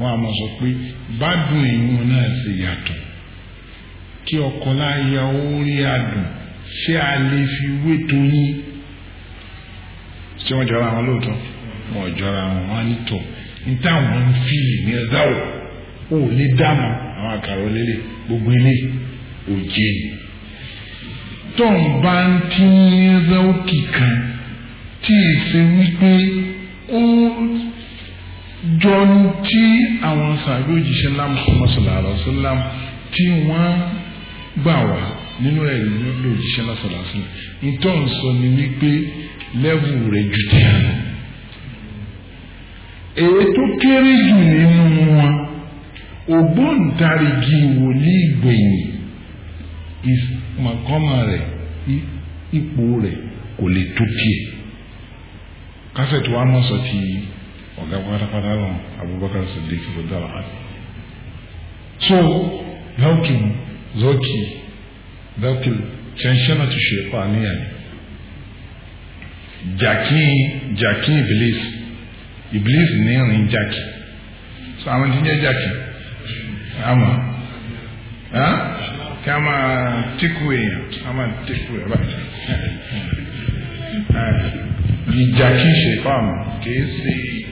wọ́n á máa sọ pé bádùn ìwọ̀n náà sì yàtọ̀ kí ọkọ láya orí adùn ṣé a lè fi wé tóyín ṣé wọ́n jọra wọn lóòótọ́ wọ́n jọra wọn wọ́n ní tọ̀ ní táwọn ń fi ní ẹ̀dá ò ò lè dáàmú àwọn àkàrà olélè gbogbo ilé òjé tóun bá ń tí ń rẹ́ òkì kan tí èsè wípé ó jọ tí àwọn sàbí òjíṣẹ́ ńlá Muhammad sallallahu alaihi wasallam tí wọ́n gbà wá nínú ẹ̀rí lọ́dọ̀ òjíṣẹ́ ńlá sallallahu alaihi wasallam ìtọ́ ń sọ ni wípé lẹ́vù rẹ̀ ju ti àná. èyí tó kéré jù nínú wọn ògbóǹtarìgì wòlíì gbẹ̀yìn ìmọ̀kọ́mọ rẹ̀ ipò rẹ̀ kò lè tó tiẹ̀ kásẹ̀ tó wá mọ̀ sọ ti yìí ọ̀gá pátápátá náà Abubakar Siddiq ló dára àti. so laukin zoki laukin canshana ti ṣe pàníyàn ni jaki jaki iblis iblis ní rìn jaki so àwọn tí ń jẹ jaki àmọ́ kí a máa tíkù èèyàn a máa tíkù ẹ̀ báyìí ìjà kí ṣe fáàmù kì í ṣe.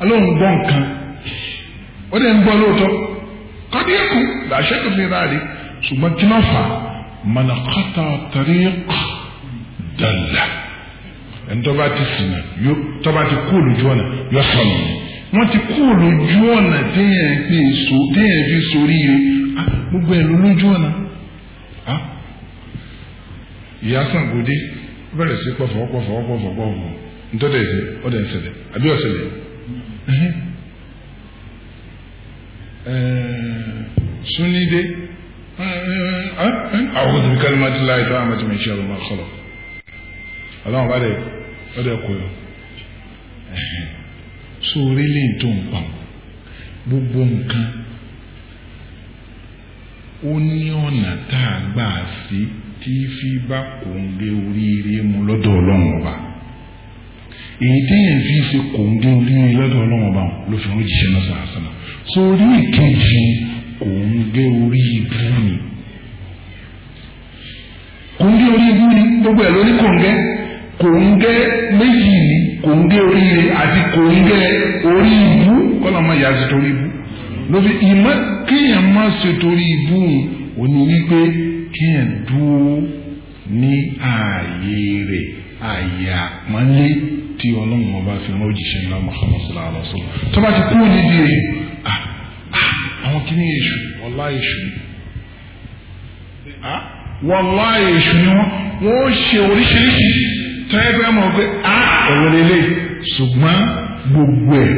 ọlọ́run gbọ́ nǹkan ó dẹ̀ ń gbọ́ lóòótọ́ kọ́dí ẹ̀kú làṣẹ tó ní ra rí ṣùgbọ́n kí náà fà mọ̀nàkọ́tà ti ti yọ ti so téèyàn fi ah, gbogbo ẹ̀ lójú ọ̀nà ah. ìyá sàngódé bẹ̀rẹ̀ sí pọ̀fọ̀ pọ̀fọ̀ sunni dé àwọn ah ah láì tó àmàtí mi ṣe àlùmọ́ àkọlọ ọlọ́run bá dẹ̀ ó dẹ̀ kó yọ so orílẹ̀ èdè ń pa gbogbo nǹkan ó ní ọ̀nà tá a gbà sí tí fi bá kòǹgẹ́ mu lọ́dọ̀ ọlọ́run ọba èyí téèyàn fi ṣe kòǹgẹ́ oríire lọ́dọ̀ ọlọ́wọ́n bá wọn ló fi hàn jíṣẹ́ náà sàásánà so orí ìkejì kòǹgẹ́ orí ibú ni kòǹgẹ́ orí ibú ni gbogbo ẹ̀ lórí kòǹgẹ́ kòǹgẹ́ méjì ni kòǹgẹ́ oríire àti kòǹgẹ́ orí ibú kọ́lá máa yà á sí torí ibú lóbi ìmọ̀ kéèyàn má ṣe torí ibú òní wípé kéèyàn dúró ní ààyè rẹ̀ ààyè àpọ́nlé tí ọlọ́run ọba fi rán òjíṣẹ́ ńlá Muhammad sallallahu alaihi wa sallam tó bá ti kú nídìí èyí àwọn kìíní èṣù wọlá èṣù ni wọlá èṣù ni wọn wọn ó ṣe oríṣiríṣi tẹ́gbẹ́ mọ̀ pé a ẹ̀wọ̀n lélẹ̀ ṣùgbọ́n gbogbo ẹ̀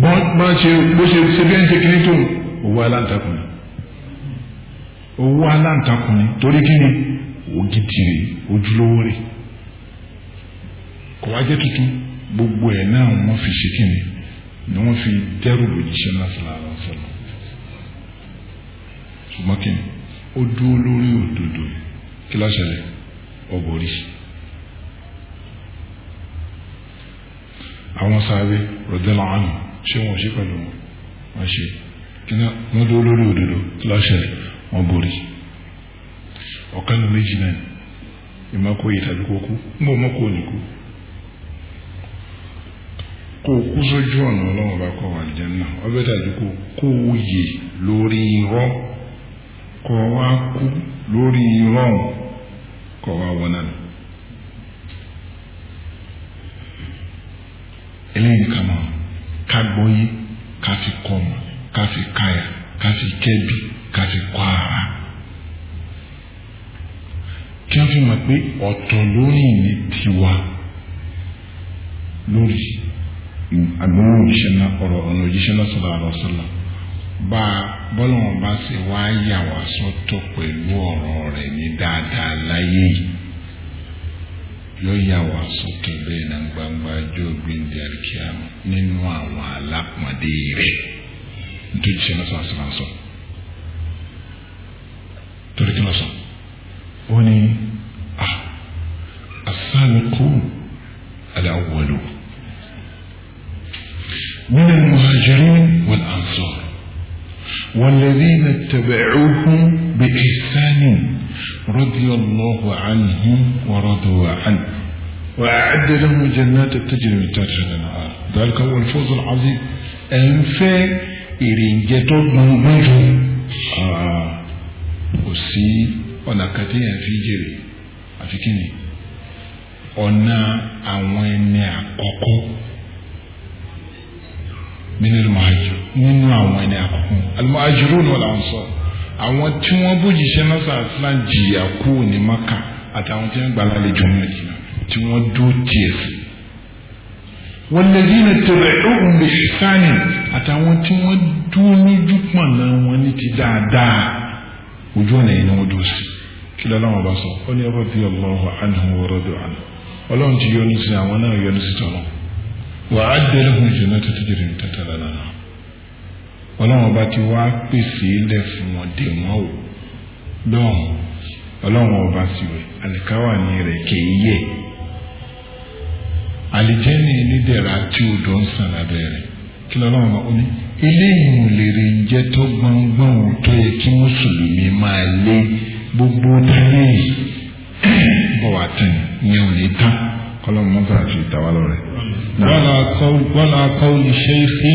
bọ́n ṣe bó ṣe ṣe bí ẹ̀ ń ṣe kìíní tó owó aláǹtakùn ni owó aláǹtakùn ni torí kí ògidì rè ojúlówó rè kò wá jẹ́ tuntun gbogbo ẹ̀ náà wọ́n fi ṣe kíni ni wọ́n fi dẹ́rù lòjíṣẹ́ náà sọ̀rọ̀ àwọn sọ̀rọ̀ ṣùgbọ́n kíni ó dúró lórí òdodo kí ló ṣẹlẹ̀ ọ̀bọ̀rí. àwọn sáré rọ̀dẹ́lá àánú ṣé wọn ò ṣe pẹ̀lú wọn wọ́n ṣe kí wọ́n dúró lórí òdodo kí ló borí. ọ̀kan ní méjì náà ìmọ̀kó yìí tàbí kókó ń bọ̀ mọ́kó òní kú kó o kú sójú ọ̀nà ọlọ́run bá kọ́ wà lẹ́nu náà ọbẹ̀ tàbí kó kó o yè lórí irọ́ kọ́ wa kú lórí irọ́ kọ́ wa wọ́n náà. eléyìí kama ká gbọ́ yé ká fi kọ́ ọmọ ká fi káyà ká fi kẹ́bi ká fi kọ́ ara kí wọ́n fi mọ̀ pé ọ̀tọ̀ lórí ìní tiwa lórí àgbọ̀n òjíṣẹ́ náà ọ̀rọ̀ ọ̀nà òjíṣẹ́ náà sọ̀rọ̀ àrọ̀ sọ̀rọ̀ bá bọ́lọ́wọ́n bá ṣe wá yà wá sọ́tọ̀ pẹ̀lú ọ̀rọ̀ rẹ̀ ní dáadáa láyé yìí yóò yà wá sọ́tọ̀ bẹ́ẹ̀ náà gbangba jó gbìndé àríkíámù nínú àwọn alápọ̀ndé rẹ̀ nítorí òjíṣẹ́ náà sọ̀rọ̀ sọ̀rọ̀ sọ̀rọ̀ torí kí ló من المهاجرين والأنصار والذين اتبعوهم بإحسان رضي الله عنهم ورضوا عنه وأعد لهم جنات تجري من تحتها الأنهار ذلك هو الفوز العظيم أنفى إرينجتو مؤمنه آه وسي أنا كتير في جري أفكني أنا أوين أكوكو minil muhajir nínú àwọn ẹni àkọ́kọ́ al-muhajirun wal ansar àwọn tí wọ́n bójìṣẹ́ náà sàásìlá jìyà kú ní maka àtàwọn tí wọ́n gbàlá lè jọ mẹ́jìnà tí wọ́n dó tiẹ̀ sí. walladhina taba'uhum bi ihsan àtàwọn tí wọ́n dúró lójú pọ̀nà wọn ní ti dáadáa ojú ọ̀nà yìí ni wọ́n dúró sí kí lọ́lọ́wọ́n bá sọ ọ ní radiyallahu anhu wa radu anhu ọlọ́run ti yọ́nú sí àwọn náà wa á dẹ́lẹ́gùn ìjọba tó ti jẹrẹ tata ọba ti wá pèsè ilẹ̀ fún wọn dè o lọ́hùn ọba sì wẹ̀ àlìkáwà ní rẹ̀ kèé yẹ àlìjẹ́ni tí odò ń sàn lábẹ́ kí lọ́lọ́run ọba ní eléyìí ò lè ń tó tó kọ́lọ́mù mọ́tà àti ìtawálọ́ rẹ̀. wọ́n á kọ́ ní ṣéèfì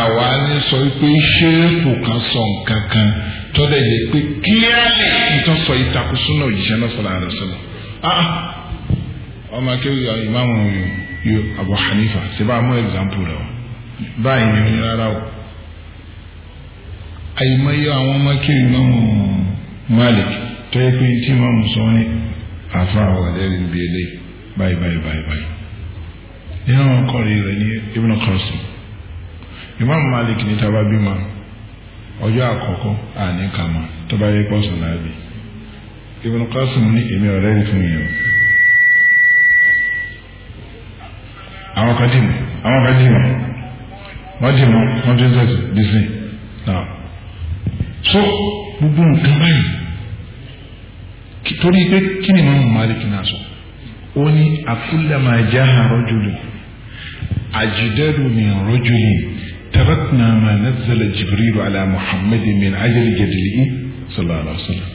àwa ní sọ pé ṣéèfù kan sọ nǹkan kan tọ́lẹ̀ yẹ pé kílíàlì ìtọ́sọ ìtakùsọ́nà òjíṣẹ́ náà sọ̀rọ̀ àrẹ sọ̀rọ̀. Ah, ah. ọmọ akéwì ìmáàmù yóò Abu Hanifa ṣe bá mú ẹ̀gbáǹpù rẹ̀ wá báyìí ní rárá o àyìnbáyé àwọn ọmọ akéwì ìmáàmù Malik tọ́yẹ pé tí ìmáàmù sọ ní àfa àwọn ọ̀dẹ́rì ń eléyìí báyìí báyìí báyìí báyìí nínú àwọn kọ́ọ̀rì rẹ̀ ní Ibn Qasim Imam Malik ní taba bímọ ọjọ́ àkọ́kọ́ àní kàmá tó bá yẹ pọ́sùn náà bí Ibn Qasim ní èmi ọ̀rẹ́ rí fún yìí àwọn kan dì mọ́ àwọn kan dì mọ́ wọ́n dì mọ́ wọ́n tún sẹ́sì dísìn náà so gbogbo nǹkan báyìí torí pé kí ni Imam Malik náà sọ ó ní àkúlẹ̀mà jáhà rọ́jùlù àjùdẹ́rù ní rọ́jùlù tẹ̀rẹ́tìnà mà nàzàlẹ̀ jibril alá muhammed min ajẹ́lẹ̀ jẹ́dìlì sallallahu alaihi wasallam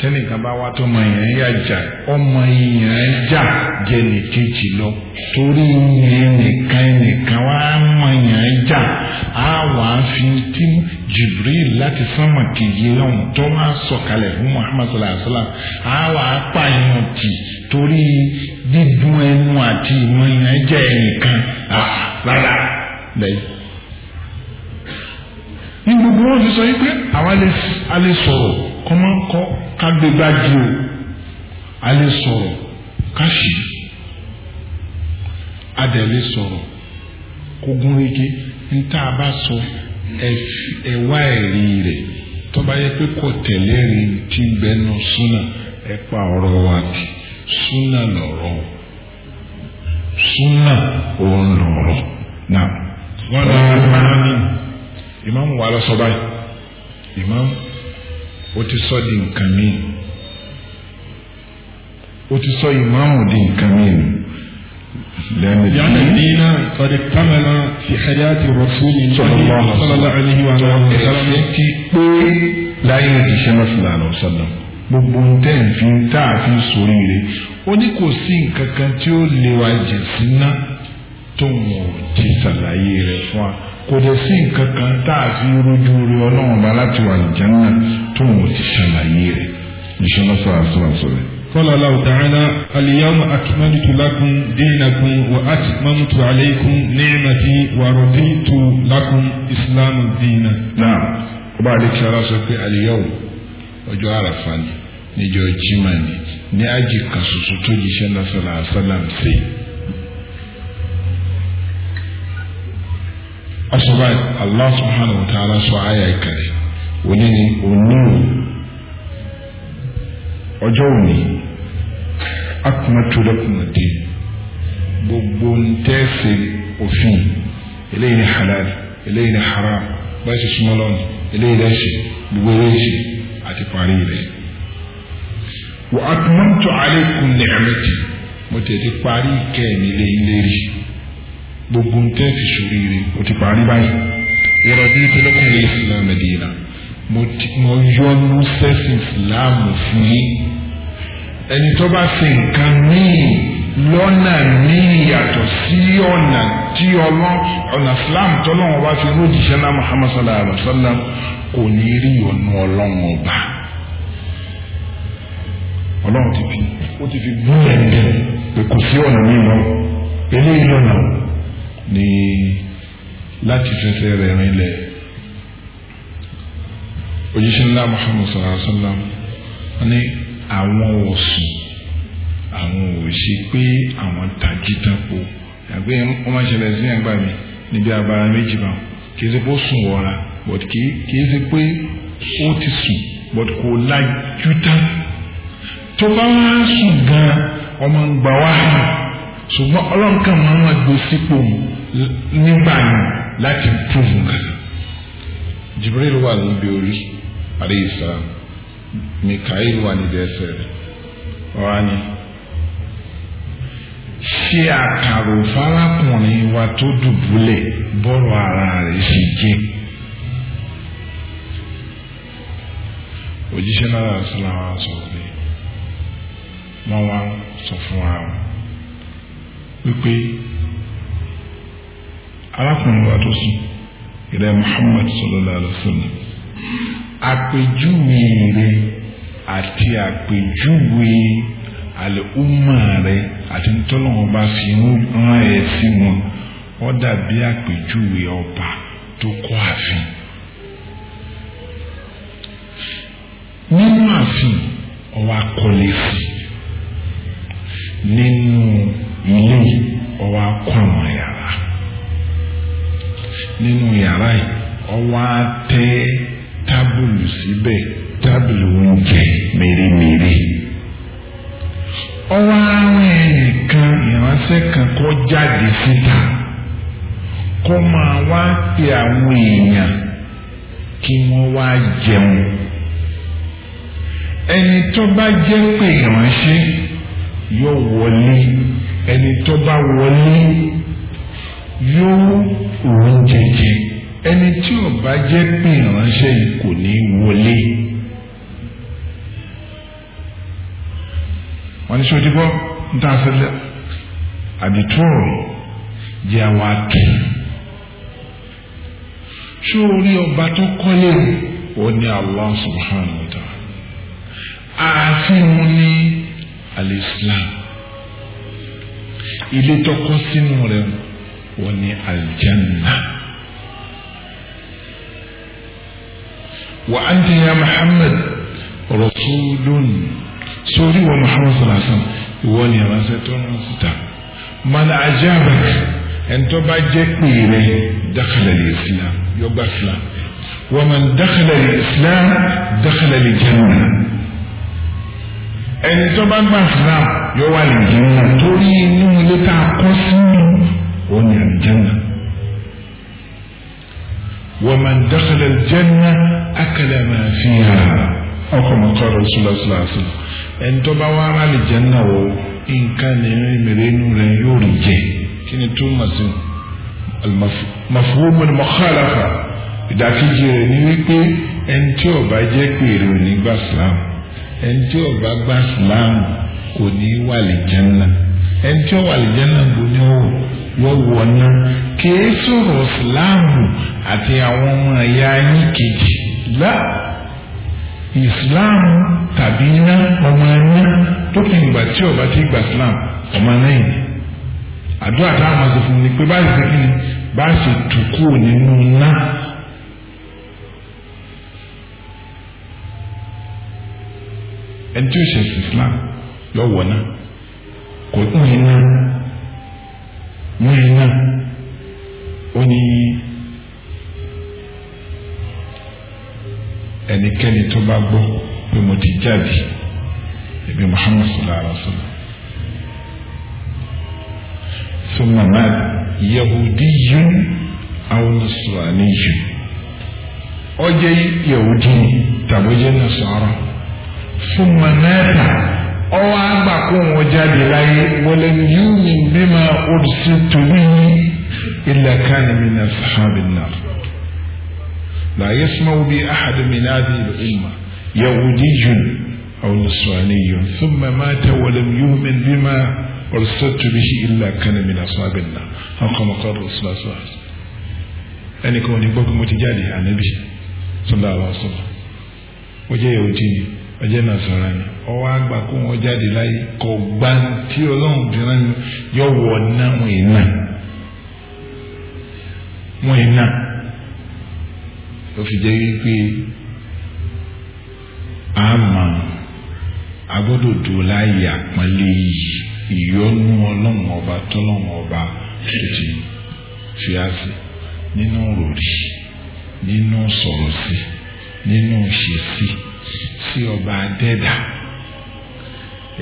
tẹ́nì kan bá wá tó ọmọ yẹn yà jà ọmọ yẹn jà jẹ́ nìkejì lọ torí yẹn nìkan nìkan wá ọmọ yẹn jà á wà á fi tí jibril láti sánmà kejì lọ́hùn tó máa sọ̀kalẹ̀ fún muhammed sallallahu alaihi wasallam á wà á pààyàn tì torí dídùn ẹnu àti ìmọ̀ yẹn jẹ́ ẹnìkan rárá lẹ́yìn. ní gbogbo wọn ti sọ yìí pé àwa lè sọ̀rọ̀ kọ́mọ́kọ́ ká gbé gbájú o a lè sọ̀rọ̀ ká ṣì í a dẹ̀ lè sọ̀rọ̀ kó gún régé ní tá a bá sọ ẹ̀wá ẹ̀rí rẹ̀ tó yẹ pé kò tẹ̀lé rí ti ń súnà ẹ̀ ọ̀rọ̀ wa kì í súnà lọ̀rọ̀ súnà òun lọ̀rọ̀ náà wọ́n lọ máa ní ìmáàmù wa lọ sọ báyìí ìmáàmù ó ti sọ di nǹkan míì ó ti sọ ìmáàmù di nǹkan míì lẹ́nu bí. yàrá dínà kọ́dé kámẹ́lá fi ẹ̀yà ti rọ̀sùn ní sọlọ́lá àlehi wa lọ́wọ́. ẹ̀ka fi ti gbogbo ntẹ́ǹfin tá a fi sóríire ó ní kò sí nǹkan kan tí ó lè wa jìn síná tó wọn ò ti ṣàlàyé rẹ̀ fún wa kò dẹ̀ sí nǹkan kan tá a fi rojú rẹ̀ ọlọ́run bá láti wà lìjánná tó wọn ò ti ṣàlàyé rẹ̀ ìṣọ́nà sọ̀rọ̀ sọ̀rọ̀ sọ̀rọ̀. قال الله تعالى اليوم أكملت لكم دينكم وأتممت عليكم نعمتي ورضيت لكم إسلام الدين نعم وبعد كلام اليوم ọjọ́ àràfà ni níjọ́ jimá ni ní ájì kan ṣoṣo tó jíṣẹ́ náà sọ̀rọ̀ àṣálàm sí i. asọ́bà Allah subhanahu wa ta'ala sọ àyà ìkàrẹ̀ òní ni òní ọjọ́ òní akumatulẹ́kùnmọ̀dé gbogbo ntẹ́sẹ̀ òfin eléyìí ni halal eléyìí ni haram báyìí sọ súnmọ́ eléyìí lẹ́sẹ̀ gbogbo eléyìí àti parí rẹ̀. wa atmamtu alaykum ni'mati mo tètè parí ìkẹ́ mi lé lérí gbogbo ń tẹ́ fi sórí rẹ̀ o ti parí báyìí. wa raditu lakum al-islam dina mo yọnu sẹ́sìn ìsìláàmù fún yín ẹni tó bá ṣe nǹkan míì lọ́nà míì yàtọ̀ sí ọ̀nà tí ọlọ́n ọ̀nà Islam tọ́lọ́wọ́n bá fi ròjì sẹ́nà Muhammad sallallahu alayhi wa sallam kò ní rí ọ̀nà ọlọ́wọ́n ọba ọlọ́wọ́n ti fi ó ti fi gúnlẹ̀ ní pé kò sí ọ̀nà mímọ́ eléyìí lọ́nà ni láti fẹsẹ̀ rẹ̀ rinlẹ̀ òjíṣẹ́ ńlá Muhammad sallallahu alayhi wa sallam ní àwọn ọ̀sùn. àwọn ò pé àwọn tají tán po àgbẹ̀ sí ẹ̀gbà mi níbi méjì bá kì í ṣe pé ó sùn wọra but kì í ṣe pé ó ti sùn but kò lajú tó bá wá sùn gan ọmọ ń gbà wá ṣùgbọ́n ọlọ́run kan máa ń gbé sípò nígbà yẹn ṣe àkàrò fárákùnrin wa tó dùbúlẹ̀ bọ́rọ̀ ara rẹ̀ ṣe jẹ́. òjíṣẹ́ náà sílá wa sọ pé wọ́n wá sọ fún wa wípé arákùnrin wa tó sùn ìrẹ́ Muhammad sallallahu alaihi wasallam àpèjúwe rẹ̀ àti àpèjúwe rẹ̀. àlùmọ̀ rẹ àti ntọ́lọ́wọ́n bá fi rán ẹ sí wọn ó dàbí àpèjúwe ọba tó kọ́ ààfin. nínú ààfin ọwọ́ sí nínú ilé ọwọ́ akọ́ yàrá nínú yàrá yìí ọwọ́ atẹ́ tábìlì síbẹ̀ tábìlì oúnjẹ mèremère. ọwọ́ àwọn èèyàn kan ìránṣẹ́ kan kó jáde síta kó máa wá pe àwọn èèyàn kí wọ́n wá jẹun ẹni tó bá jẹ́ pé ìránṣẹ́ yóò wọlé ẹni tó bá wọlé yóò oúnjẹ jẹ ẹni tí ò bá jẹ́ pé ìránṣẹ́ yìí kò ní wọlé. wọ́n ní sọ ti gbọ́ nta sẹ́lẹ̀ àdìtúrò jẹ́ àwọn àtù ṣé orí ọba tó kọ́lé ó ní Allah subhanahu wa ta'ala ààfin mu ní al ilé tọkọ sínú rẹ̀ ó ní aljanna. wa anta ya Muhammad rasulun. سوري ومحمد صلى الله عليه وسلم يقول يا مسجد من أجابك أنت بجتني إليه دخل الإسلام يبصلا ومن دخل الإسلام دخل الجنة أنت من مصر يوالي الجنة توري إنه لتعقصني وني الجنة ومن دخل الجنة أكل ما فيها أو كما قال رسول الله صلى الله عليه وسلم ẹ̀ńtọ́ba wa ara lè jẹ́ náà wọ nǹkan nìyẹn mẹ̀rẹ́nu rẹ̀ yóò rí jẹ kí ni tó mà sí màfúwọ́mọ́ni mọ́kàlàfà ìdákejì rẹ̀ ni wípé ẹni tí ọba jẹ́ pèrè ò ní gbà sílámù ẹni ọba gbà sílámù kò ní wà lè jẹ́ náà ẹni lè jẹ́ náà bó ní ọ̀wọ̀ wọ́n wọ̀ náà kìí àti àwọn ọmọ ẹ̀yà yín kejì láà ìsìláàmù tàbí iná ọmọ ẹni tó kì í gbà tí ọba ti gbà ìsìláàmù ọmọ ẹni àdúrà táwọn máa sọ fún mi pé báyìí ṣe kí ni bá ṣe tù kúrò nínú iná. ẹni tí ó ṣe ìsìláàm yọ náà kò tún iná mú iná ó ní. ẹnikẹ́ni tó bá gbọ́ pé mo ti jáde ẹbí muhammad sallallahu alaihi wa sallam sọmọ náà yahudi yun àwọn nasarani yun ọjẹ yahudi tàbí ọjẹ nasara sọmọ náà ta ọwọ àgbà wọn jáde láyé wọlé yúmi bímọ ọdún sí tòun yìí ilẹ̀ kan mi sàhábì náà. لا يسمع بأحد من هذه الأمة يهودي أو نصراني ثم مات ولم يؤمن بما أرسلت به إلا كان من أصحاب النار أو كما قال الرسول صلى الله عليه وسلم أني كون يبقى متجادي عن النبي صلى الله عليه وسلم وجاء يهودي ọjọ́ نصراني أو ni ọwọ́ àgbà kó wọn jáde láyé kò gbá tí ló fi jẹ́ wípé a mọ̀ a gbọ́dọ̀ dúró láàyè àpọ́nlé yìí ìyọ́nú ọlọ́run ọba tọ́lọ́run ọba ṣètì fi á sí nínú ròrí nínú sọ̀rọ̀ sí nínú ṣèṣì sí ọba adẹ́dà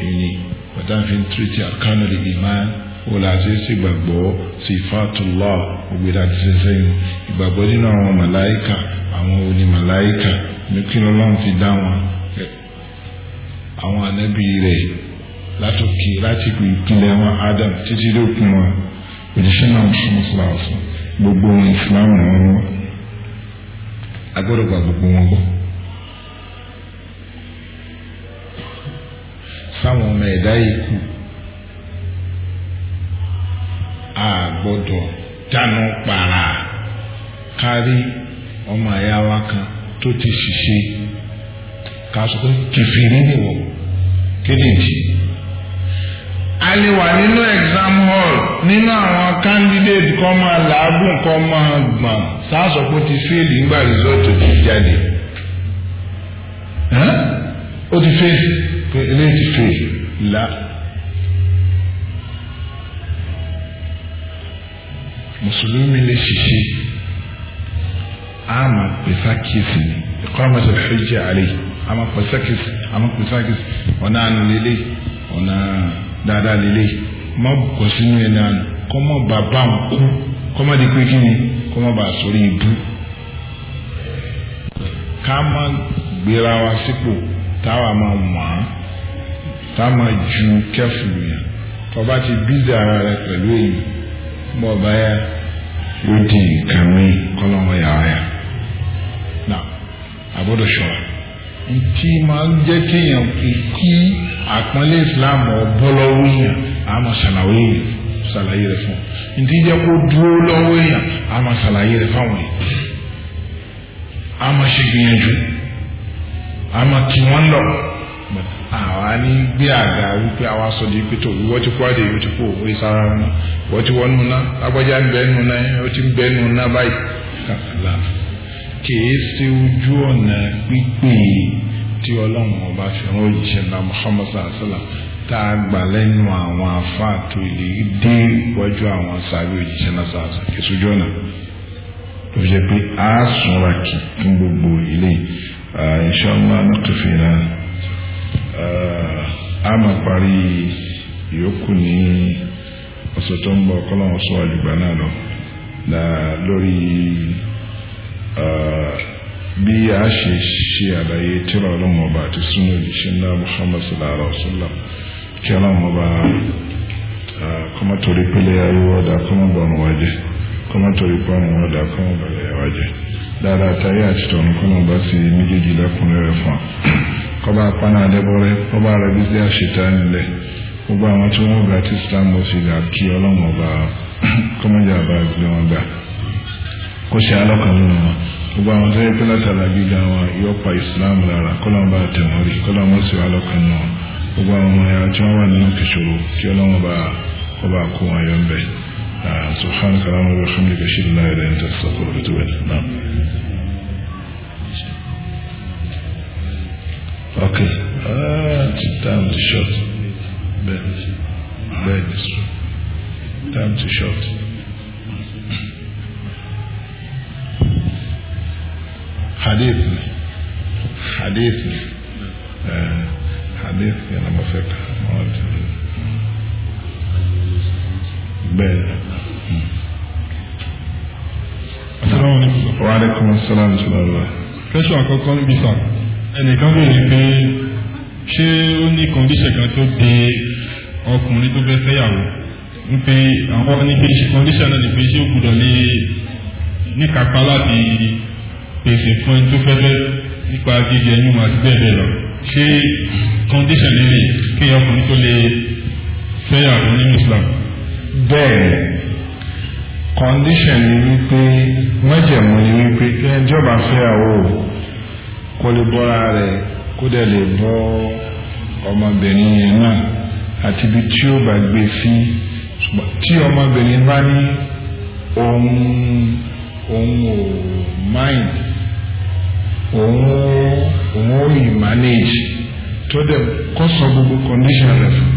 èyí pàtàkì fi ń tìrìtì àkànnà lè dì máa wọ́n láti ṣègbàgbọ́ sifatullah ògbéra ti ṣe sẹ́yìn ìgbàgbọ́ nínú àwọn màláìkà àwọn òní màláìkà ní kí lọ́lọ́run fi dá wọn àwọn ànábì rẹ̀ látòkè láti ìpínlẹ̀ wọn Adam títí dókun wọn òjíṣẹ́ náà fún fúláfún gbogbo ohun ìsìláàmù wọn agbọ́dọ̀ gba gbogbo wọn gbọ́. sáwọn ọmọ ẹ̀dá yìí kù gbọ́dọ̀ dànù kpara kárí ọmọ ẹ̀yà wa kan tó ti ṣiṣẹ́ ká sọ ni wọ́n a lè wà nínú exam hall nínú àwọn candidate kọ́ máa làágùn kọ́ máa gbọ̀n sáàsọ̀ ti fẹ́ẹ̀lì ti jáde. ó ti fẹ́ẹ̀lì pé ti fẹ́ẹ̀lì la mùsùlùmí lè ṣiṣẹ́ ama pesakisi ni ikọ́mọ̀ ṣe fi jẹ́ àlè ama pesakisi ama pesakisi ọ̀nà àná lélẹ̀ ọ̀nà dáadáa lélẹ̀ má bọ̀ sínú ẹ̀ náà kọ́mọ̀ bàbá ń kú kọ́mọ̀ di pé kí ni kọ́mọ̀ bá sórí ibú ká má gbéra wa sípò táwa máa mọ̀ á táwa máa ju kẹ́fù yẹn tọ́ba bọ̀ báyà yóò di nǹkan mi kọ́lọ́wọ́ yà áyà nà àbọ̀dọ̀ ṣọ́ra ntí máa ń jẹ́ kéèyàn kí àpọ́nlé Islam ọ̀bọ lọ́wọ́ yẹn àmọ́ ṣàlàyé yẹn ṣàlàyé fún un ntí jẹ́ kó dúró lọ́wọ́ yẹn àmọ́ ṣàlàyé rẹ̀ fáwọn yẹn àmọ́ ṣe gbìyànjú àmọ́ kí àwọn ní gbé àga wípé àwa sọ di pé tó wọ́n ti kó àdè yóò ti kó òwe sára wọn wọ́n ti wọ́n nuna lágbájá ń nuna ó ti ń bẹ nuna báyìí kàkàlà kìí ṣe ojú ọ̀nà pípé tí ọlọ́run ọba fi rán òjíṣẹ́ ńlá Muhammad tá a gbà lẹ́nu àwọn afá tó lè dé iwájú àwọn sàárè òjíṣẹ́ ńlá sàlá kìí a kì fún gbogbo ilé náà Eh, a máa parí ìyókù ní ọ̀sẹ̀ tó ń bọ̀ kọ́lọ́wọ́n sọ àlùgbà náà lọ lórí eh, bí a ṣe ṣe àlàyé tíra ọlọ́run ọba àti súnmọ́ ìṣẹ́ ńlá Muhammad sallallahu alaihi wa sallam kí ọlọ́run ọba eh, kọ́má torí pélé ariwo ọ̀dà kọ́má bọ̀nù wájẹ́ kọ́má torí pọ́nù ọ̀dà kọ́má bọ̀lẹ̀ wájẹ́ dáadáa táyé àti tọ̀nù kọ́nà bá ti méjèèjì lẹ́kùnrin rẹ̀ fún kọba apáná adébọrẹ kọba rẹ bí sí àṣetá nílẹ gbogbo àwọn tí wọn gbà tí islam fi gà kí ọlọ́run ọba kọmọjà bá gbé wọn gbà kó ṣe alọkànlọ wọn gbogbo àwọn tó yẹ pé látara gíga wọn yóò islam lára kọlọrun bá tẹwọn rí kọlọrun wọn sì wà lọkànlọ wọn gbogbo àwọn ọmọ ya tí wọn wà nínú kìṣòro kí ọlọ́run bá ọba kó wọn yọ ń bẹ ah, subhanahu wa ta'ala wa bihamdika shilla ila anta astaghfiruka wa atubu ilayk ok ah, time ti short bẹ́ẹ̀ni bẹ́ẹ̀ni so time ti short. hadith hadith ni hadith yana uh, mafeka bẹ́ẹ̀ asalaamualeykum wa aleykum asalaam wa rahmatulah. kẹ́sọ̀ ẹnìkan béèrè pé ṣé ó ní kọ̀ǹdíṣẹ̀ kan tó de ọkùnrin tó fẹ́ fẹ́yàwó ń pe àwọn ní pé ṣe kọ̀ǹdíṣẹ̀ náà ni pé ṣé ó gbúdọ̀ lé níkapá láti pèsè fún ẹni tó fẹ́ fẹ́ nípa jíjẹ inú àti bẹ́ẹ̀ bẹ́ẹ̀ lọ ṣé kọ̀ǹdíṣẹ̀ líle kí ọkùnrin tó lè fẹ́yàwó ní Islam. bẹ́ẹ̀ kọ̀ǹdíṣẹ̀ ni wípé májẹ̀mú ni wípé kí ẹjọ́ bá fẹ́yàwó kó lè bọ́ra rẹ̀ kó dẹ̀ lè bọ́ ọmọbìnrin yẹn náà àti ibi tí ó bá gbé sí tí ọmọbìnrin bá ní òun òun ò mind òun òun ò lè manage tó dẹ̀ kó sọ gbogbo condition rẹ̀ fún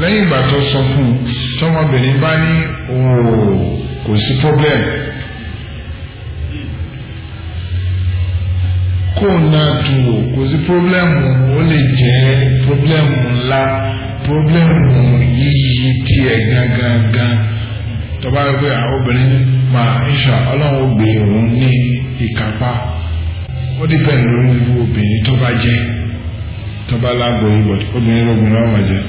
lẹ́yìn ìgbà tó sọ fún un tọmọbìnrin bá ní òun ò kò sí problem. kó dùn o kò sí pírọ́blẹ́mù ó lè jẹ́ pírọ́blẹ́mù ńlá pírọ́blẹ́mù yíyí tiẹ̀ gangan tọ́ba rẹ pé àwọn obìnrin máa ń ṣà ọlọ́run ó òun ní ìkápá ó dìpẹ̀ lórí irú obìnrin tó jẹ́ tó lágbo ìbò obìnrin lóbìnrin ọmọ jẹ́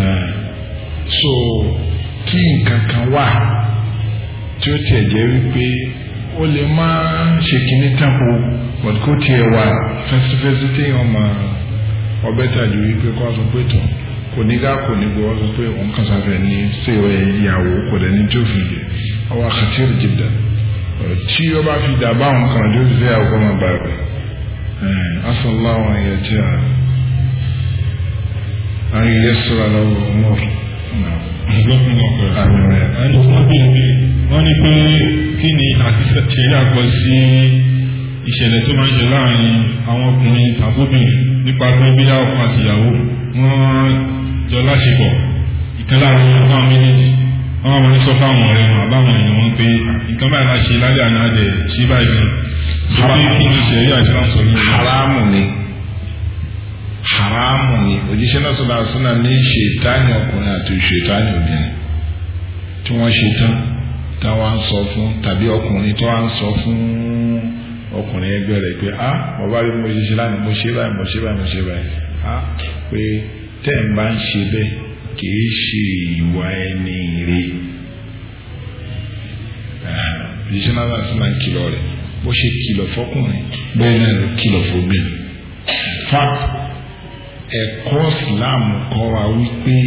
eh, so kí nǹkan kan wà tí ó tiẹ̀ jẹ́ wípé ó lè máa ṣe kínní tán but kó tiẹ̀ wà fẹsifẹsi téèyàn máa ọbẹ̀ tàbí wípé kó a sọ pé tọ̀ kò ní ká kò ní gbọ́ sọ pé òun kàn sáfẹ́ ní sèwé ìyàwó kò dẹ̀ ní tí ó fi yẹ àwọn àkàtìr jìdá tí ó bá fi dà bá òun kàn ló fi fẹ́ àwọn ọmọ bàbá asọ̀láwọn ẹ̀yẹ tí a ayẹyẹ sọ̀rọ̀ lọ́wọ́ ọmọ rẹ̀. wọ́n ní pé kí ni àti ṣẹ̀yà gbọ́ sí ìṣẹ̀lẹ̀ tó máa ń ṣe láàrin àwọn ọkùnrin tàbóbìnrin nípa pé bíyà ọkọ àti ìyàwó wọ́n jọ láṣepọ̀ ìkan láàrin ọkọ àwọn méjèèjì wọ́n máa ń sọ fáwọn ọ̀rẹ́ wọn àbáwọn èèyàn wọn pé nǹkan báyìí la ṣe lálẹ́ àná àdẹ̀ ṣé báyìí fún ṣùgbọ́n kí ni ṣe yíyà ìṣẹ́lá sọ yìí. haramu ni haramu ni òjíṣẹ́ náà sọ̀rọ̀ àṣùnà ní ṣètáni ọkùnrin àti ṣètáni obìnrin tí wọ́n ṣe tán táwọn á sọ fún tàbí ọkùnrin tó á sọ fún ọkùnrin ẹgbẹ́ rẹ̀ pé a ah, mo bá rí mo ṣe ṣe lánàá mo ṣe báyìí mo ṣe báyìí mo ṣe báyìí a ah, pé tẹ́ ń bá ń ṣe bẹ́ẹ̀ kì í ṣe ìwà ẹni rè òṣìṣẹ́ ah, náà sì máa ń kìlọ̀ rẹ̀ bó ṣe kìlọ̀ fọkùnrin bẹ́ẹ̀ náà ló kìlọ̀ fóbìnrin fact ẹ̀kọ́ Islam kọ́ wa wípé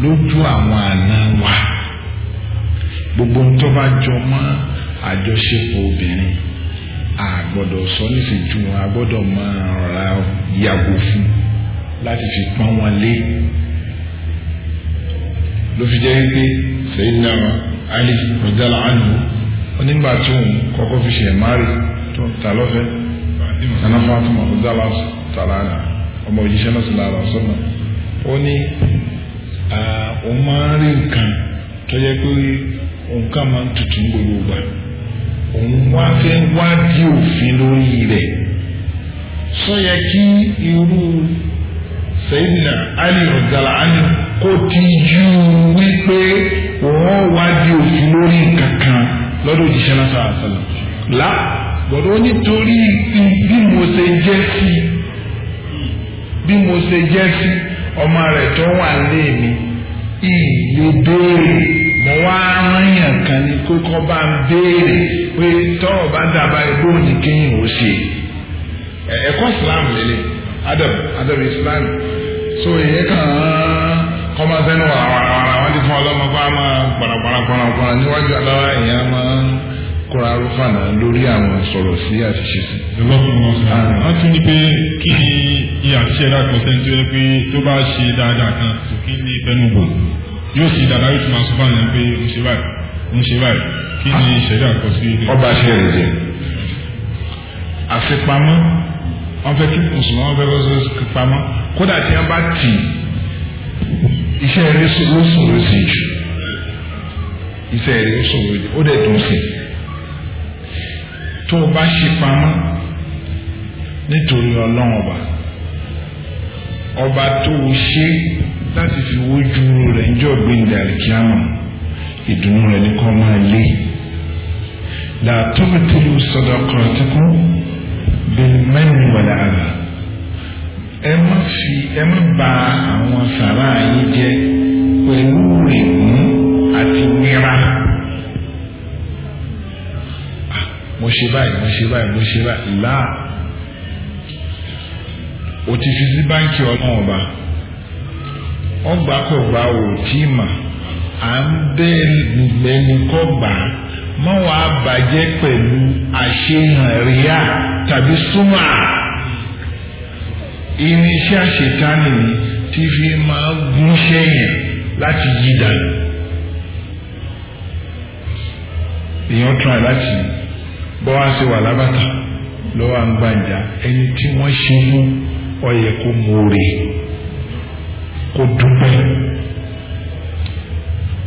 lójú àwọn àna wa gbogbo ń tọ́ bá jọ mọ́ àjọṣepọ̀ obìnrin a sọ níṣẹ́jú wọn a gbọ́dọ̀ máa ra yàgò láti fi pọ́n wọn lé ló fi jẹ́ pé Ali onígbà tí òun kọ́kọ́ fi ṣe márì tó ta lọ́fẹ́ nana Fatima àná ọmọ òjíṣẹ́ náà ó ní òun máa ń rí nǹkan tó pé nǹkan máa ń tutù ń gbogbo òun wá fẹ́ wádìí òfin lórí rẹ̀ sọ kí irú Sayyidina Ali ọ̀dàlà ti ju wípé òun wádìí òfin lórí kankan lọ́dọ̀ òjíṣẹ́ náà sọ̀rọ̀ sọ̀rọ̀ la gbọ́dọ̀ nítorí bí mo ṣe jẹ́ sí bí mo ṣe jẹ́ sí ọmọ rẹ̀ tó mi ìlú béèrè. mo wá rányàn kan ní pé kọ́ bá ń béèrè pé tọ́rọ̀ bá dàbá egbò ní kéyìn ò ṣe ẹ̀kọ́ islam lélẹ̀ adam adam islam so ìyẹn kàn kọ́má sẹ́nu wàràwàrà wọ́n ti fún ọlọ́mọ pa máa pàràpàràpàràpàrà níwájú alára ìyá máa kóra rúfànà lórí àwọn sọ̀rọ̀ sí àṣìṣe sí. a tún ní pé kí ni ìyàṣẹ́ dàgbọ́sẹ́ tó yẹ pé tó bá ṣe dáadáa kan kò kí yóò sì dàda yóò tún máa sọ fáwọn yẹn pé ń ṣe báyìí ń ṣe báyìí kí ni ìṣẹ̀lẹ̀ àkọsí ilé. ọba ṣe rẹ̀ jẹ́ àfipamọ́ wọ́n fẹ́ kí mùsùlùmí wọ́n fẹ́ kí pamọ́ kódà tí wọ́n bá tì iṣẹ́ rẹ̀ ló sòrò sí jù iṣẹ́ rẹ̀ ló sòrò jù ó dẹ̀ dùn sí tó o bá ṣe pamọ́ nítorí ọlọ́run ọba ọba tó o ṣe láti fi wójú rẹ̀ níjọ́ gbẹ̀ndẹ̀ àríkíámà ìdùnnú rẹ̀ ní kọ́ máa lé làtọ́ àtẹlẹ sọdọ kọ̀ọ̀tẹ́kọ́ bẹ́ẹ̀ mẹ́rin wà lára ẹ má fi ẹ má bà àwọn sàrà yín jẹ́ pẹ̀lú ìmú àti nira mo ṣe báyìí mo ṣe báyìí mo ṣe báyìí láà o ti fi sí báńkì ọlọ́run ọba ọgbà kò gbà ò tí mà à ń bẹ́ẹ̀ lẹ́nu kọ́ gbà á mọ́ wàá bàjẹ́ pẹ̀lú àṣehàn ríà tàbí súnmà irinṣẹ́ àṣetánì ni tí fi máa gún sẹ́yìn láti yí dànù èèyàn try láti bọ́ wá sí wà lábàtà lọ́wọ́ àgbàǹjà ẹni tí wọ́n ṣe fún ó yẹ kó mọ̀ọ́rẹ́ kó dúpẹ́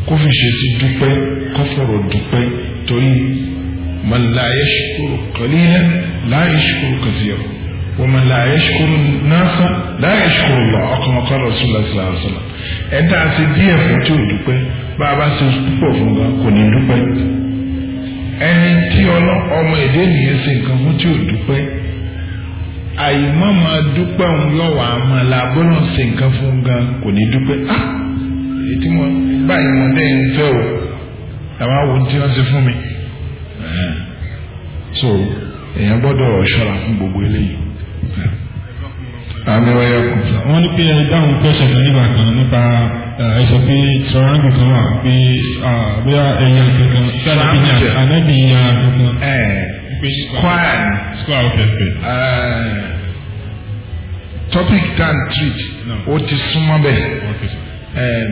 kó fi ṣètì dúpẹ́ kó fọ̀rọ̀ dúpẹ́ torí man la yashkuru qalilan la yashkuru kathiran wa man la yashkuru nasa la yashkuru Allah ọkàn ọkàn Rasulullah sallallahu alaihi wasallam ẹ̀dá àti díẹ̀ fún tí ò dúpẹ́ bá a bá ṣe púpọ̀ fún wa kò ní dúpẹ́ ẹni tí ọmọ èdè nìyẹn ṣe nǹkan fún tí ò dúpẹ́ àìmọ̀mọ̀ dúpẹ́ òun yọ̀ wá mọ̀ la bọ́lọ̀ ṣe nǹkan fún gan kò ní dúpẹ́ ah ètí wọn báyìí wọn dẹ́yìn ń fẹ́ o làwọn àwọn tí wọ́n ṣe fún mi so èèyàn gbọ́dọ̀ ṣọ́ra fún gbogbo eléyìí. àmì ọ̀yà kù. wọ́n ní pé ẹ dáhùn pẹ́sẹ̀ kan nígbà kan nípa ẹ sọ pé sọ̀rọ̀ǹgì kan wà pé ah, bóyá ẹ̀yà kankan sábà bí i ànábì ìyá kankan square square okay okay. Uh, topic dan treat o ti súnmọ́ bẹ́ẹ̀ eh,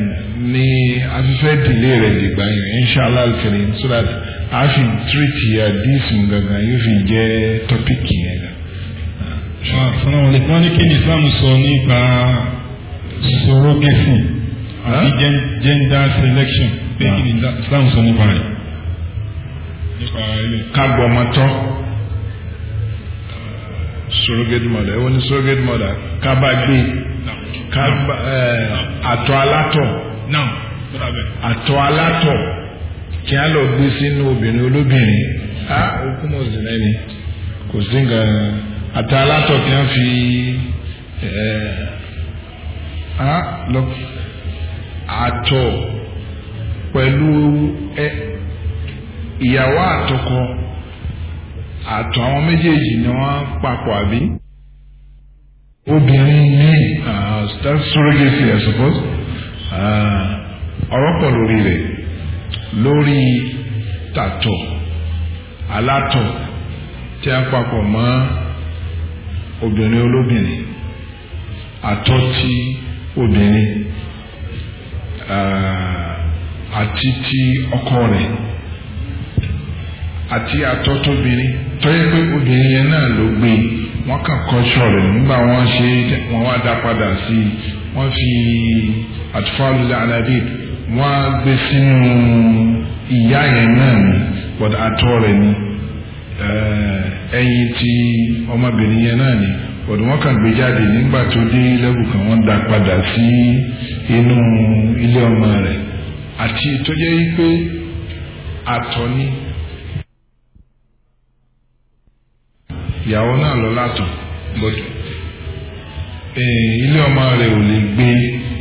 ni afẹ́fẹ́ delay rẹ̀ dìgbà yẹn inshallah kiri so that a fi treat ya dis gangan yóò fi jẹ́ topic yẹn gan. sọ̀rọ̀ wọn ni kí ni Islam sọ nípa surrogacy àti gender selection pé kí ni Islam sọ nípa rẹ̀ nípa ilé kágbọmọtọ́ surrogate mother ẹ̀wọ́n ní surrogate mother kábàgbé àtọ̀ alátọ̀ àtọ̀ alátọ̀ kí á lọ gbé sínú obìnrin olóbìnrin á okú mọ̀ sí lẹ́ni kò sí nǹkan àtọ̀ alátọ̀ kí á fi á lọ àtọ̀ pẹ̀lú ẹ ìyàwó àtọkọ àtọ àwọn méjèèjì ni wọ́n papọ̀ àbí obìnrin míì uh, surrogacy I suppose uh, ọ̀rọ̀ pọ̀ lórí rẹ̀ lórí tàtọ̀ alátọ̀ tí a papọ̀ mọ́ obìnrin olóbìnrin àtọ̀ tí obìnrin uh, àti ti ọkọ rẹ̀. àti àtọ́tọ́bìnrin tọ́yẹ pé obìnrin yẹn náà ló gbé wọ́n kàn kọ́ṣọ́ rẹ̀ nígbà wọ́n ṣe wọ́n wá dá padà sí i wọ́n fi àtúfáàlùlẹ̀ alábí wọ́n á gbé sínú ìyá yẹn náà ni but àtọ́ rẹ̀ ni ẹyin ti ọmọbìnrin yẹn náà ni but wọ́n kàn gbé jáde nígbà tó dé lẹ́bùn kan wọ́n dá padà sí inú ilé ọmọ ni. ìyàwó náà lọ látọ̀ but eh, ilé ọmọ rẹ̀ ò lè gbé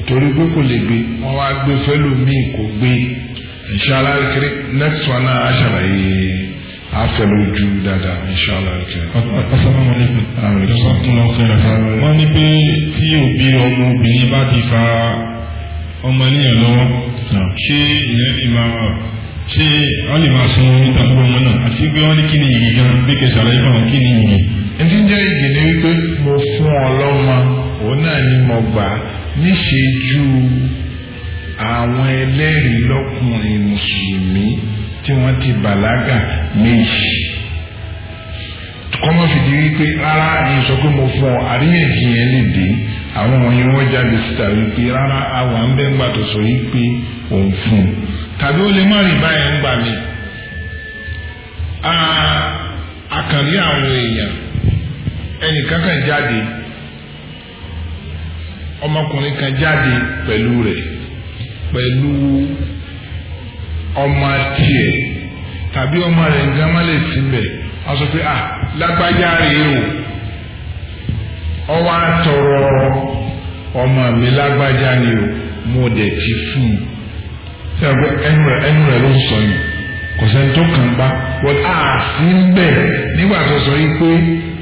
torí pé kò lè gbé wọ́n wá gbé fẹ́lòmíì kò gbé inshala kiri next one náà aṣàlàyé afẹlójú dáadáa inshala kiri. asalaamualeykum. aleykum salaam. wọ́n ní pé tí òbí ọmọ obìnrin bá ti fa ọmọ níyàn lọ́wọ́ ṣé ìyẹn ti máa. se wọ́n lè máa sun omi tàbí ọmọ náà àti pé wọ́n ní kí ni yìnyín gan bí kẹsàn án yìí kàn kí ni ni mo fún ọ lọ́mọ òun náà ni mo gbà níṣe ju àwọn ẹlẹ́rìí lọ́kùnrin mùsùlùmí tí wọ́n ti bàlágà méjì kọ́mọ́ fìdí wípé rárá ni sọ pé mo fún ọ àríyànjiyàn lè dé àwọn wọ̀nyí wọ́n jáde síta wípé rárá àwọn àńbẹ́ngbà tó sọ tàbí ó lè má rí báyẹn ń gbà mí àkànrí àwọn èèyàn ẹnìkan kan jáde ọmọkùnrin kan jáde pẹ̀lú rẹ̀ pẹ̀lú ọmọ tiẹ̀ tàbí ọmọ rẹ̀ nǹkan má lè síbẹ̀ wọ́n sọ pé à lágbájá rèé o ọwọ́ àtọrọ ọmọ mi lágbájá ni o mo dẹ̀ ti fún un. ṣe àgbẹ̀ ẹnu rẹ̀ ẹnu rẹ̀ ló ń sọ yìí kò sẹ́ni tó kàn bá wọ́n á sí bẹ́ẹ̀ nígbà tó sọ yìí pé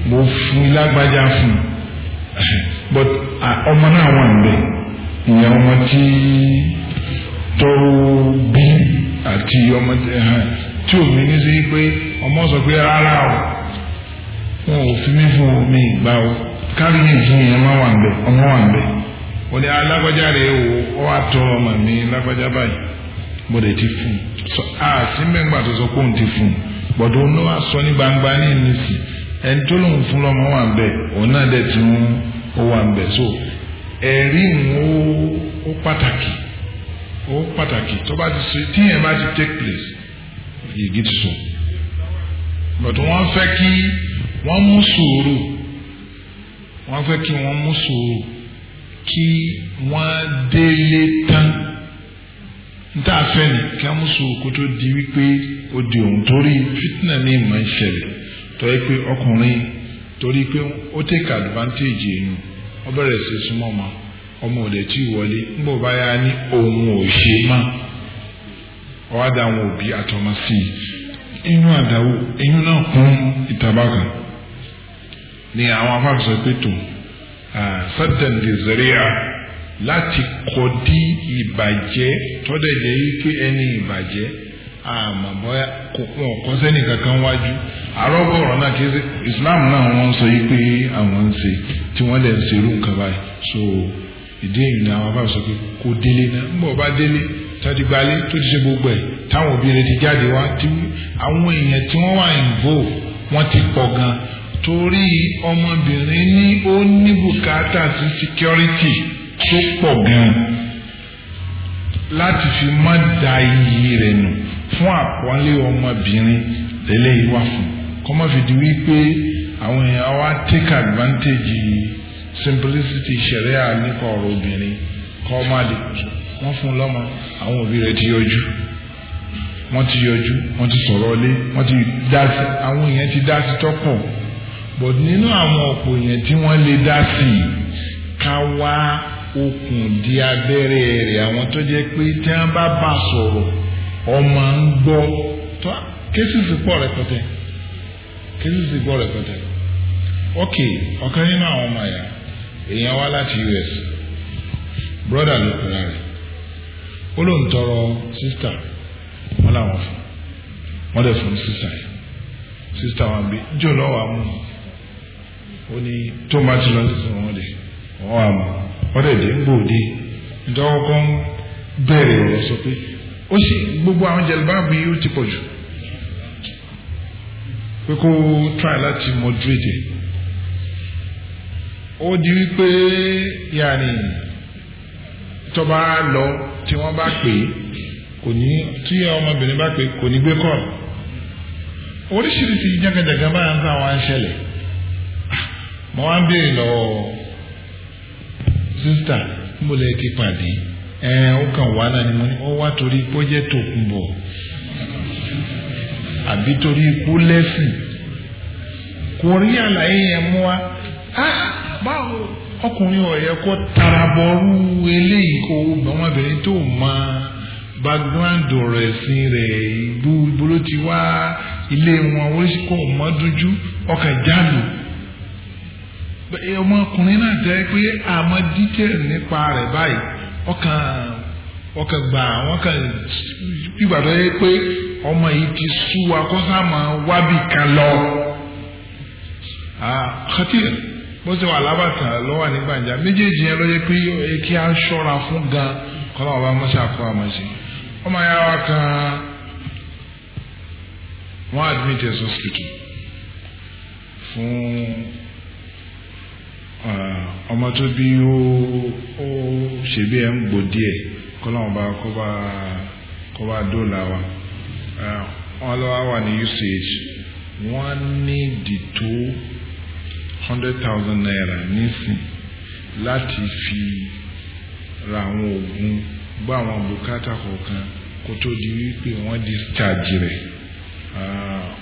mo fún lágbájá fún but ọmọ náà wà níbẹ̀ ìyẹn ọmọ tí tó bí àti ọmọ tí òmí ní sí pé ọmọ sọ pé rárá o wọn ò fi mí fún omi ìgbà o kárí ìfún yẹn má wà níbẹ̀ ọmọ wà níbẹ̀ wọ́n ní alágbájá rẹ̀ o ọ́ wá tọ́ ọmọ mi lágbájá báyìí mo dẹ̀ ti So, un àti mẹ́gbà tó sọ pé òun ti fún un gbọ́dọ̀ òun ló wá sọ ní gbangba ní ìnísì ẹni tó lòun fún lọ́mọ wà bẹ́ẹ̀ òun náà dẹ̀ ti ń ó wà bẹ́ẹ̀ so ẹ̀rí ìhun ó pàtàkì ó pàtàkì tó bá ti so tíyẹn bá ti take place ìgì ti so gbọ́dọ̀ wọ́n fẹ́ kí wọ́n mú sùúrù wọ́n fẹ́ kí wọ́n mú sùúrù kí wọ́n délé tán. níta fẹ́ ni kí a mùsùn kó di wípé ó di òun torí fitna ní ìmọ̀ ń ṣẹlẹ̀ pé ọkùnrin torí pé ó take advantage èèyàn ó bẹ̀rẹ̀ sí ma ọmọ ò tí wọlé nígbà báyà ní òun ò ṣe má òbí àtọmọ sí i ni àwọn pé tó láti kọdí ìbàjẹ́ tọ́dẹ̀ jẹ́ wípé ẹni ìbàjẹ́ àmọ́ bóyá kòkun ọ̀kan sẹ́ni kankan wájú àrọ́bọ̀ ọ̀rọ̀ náà kí Islam náà wọ́n sọ yìí pé àwọn ń ṣe tí wọ́n lẹ̀ ń ṣe irú nǹkan báyìí so ìdí èyí ni àwọn bá sọ pé kó délé náà ń bọ̀ bá délé tàbí gbalé tó ti ṣe gbogbo ẹ̀ táwọn òbí rẹ̀ ti jáde wá tí àwọn èèyàn tí wọ́n wà involve wọ́n ti pọ̀ gan torí ọmọbìnrin ní ó ní bùkátà sí security tó pọ̀ gan láti fi má da iyì rẹ̀ nù fún àpọ́nlé ọmọbìnrin lélẹ́yìí wà fún kọ́ má fi di wípé àwọn èèyàn wa take advantage simplicity ṣẹ̀ríà nípa ọ̀rọ̀ obìnrin kọ́ má lè wọ́n fún un lọ́mọ àwọn òbí rẹ̀ ti yọjú wọ́n ti yọjú wọ́n ti sọ̀rọ̀ ọlé wọ́n ti dá sí àwọn èèyàn ti dá sí tọ́pọ̀ but nínú àwọn ọ̀pọ̀ èèyàn tí wọ́n lè dá sí ká wá okùn di abẹ́rẹ́ rẹ̀ àwọn tó jẹ́ pé tí wọ́n bá bá sọ̀rọ̀ ọmọ ń gbọ́ tó kéṣìṣì pọ̀ rẹpẹtẹ kéṣìṣì pọ̀ rẹpẹtẹ ok ọ̀kan nínú àwọn ọmọ ẹ̀yà èèyàn wá láti US Brother, ló pera rẹ̀ ó lóun tọrọ sísítà wọn làwọn fún wọn lè fún sísítà yìí sísítà wọn bí jọlọ wà ó ní tó máa ti lọ sí sọ wọn lè wọn wà mú wọ́n dẹ̀ dé ń gbòde ìjọba kọ́ ń bẹ̀rẹ̀ ọ̀rọ̀ sọ pé ó sì gbogbo àwọn jẹ̀lúbáàbù yìí ó ti pọ̀ jù pé kó try láti moderate ó di wípé yàní tọ́ba lọ tí wọ́n bá pè é kò ní tí ọmọbìnrin bá pè é kò ní gbé kọ́ọ̀lù oríṣiríṣi jẹ́gẹ́jẹ́gẹ́ báyà ń tà wọ́n ń ṣẹlẹ̀ ah, mo wá ń béèrè lọ́wọ́ sísítà mbọlẹ ti pàdé ẹ ó kàn wá ni mo ní ọ wá torí pọ́jẹ́tò kún bọ̀ àbí torí ikú kò rí àlàyé yẹn mú wa báwo ọkùnrin ọ̀yẹ́ kó tarabọ́rú eléyìí kó ọmọbìnrin tó ma background rẹ̀ ẹ̀sìn rẹ̀ ìbú ibo ti wá ilé wọn oríṣi ọkàn ọmọkùnrin náà jẹ́ pé àmọ́ detail nípa rẹ̀ báyìí ọkàn ọkàn gbà wọ́n kàn ìgbà tó yẹ pé ọmọ yìí ti sú wa kó sáàmù wábì kan lọ. khatir bó ṣe wà lábàtà lọ́wọ́ ní gbàǹjà méjèèjì yẹn ló yẹ pé kí a ṣọ́ra fún gan kọ́lá ọba mọ́ṣẹ́ àkọ́ àmọ́ṣe. ọmọ ya wa kan wọ́n admit as hospital fún ọmọ tó bí ó ó ṣe bí ẹ ń gbò díẹ̀ kọ́láwọn bá kọ́ bá kọ́ bá dóòlà wa wọn lọ́wọ́ wà ní usage wọ́n ní dìtó hundred thousand naira nísìn láti fi ra àwọn oògùn bá àwọn bùkátà kọ̀ọ̀kan kó tó di wípé wọ́n discharge rẹ̀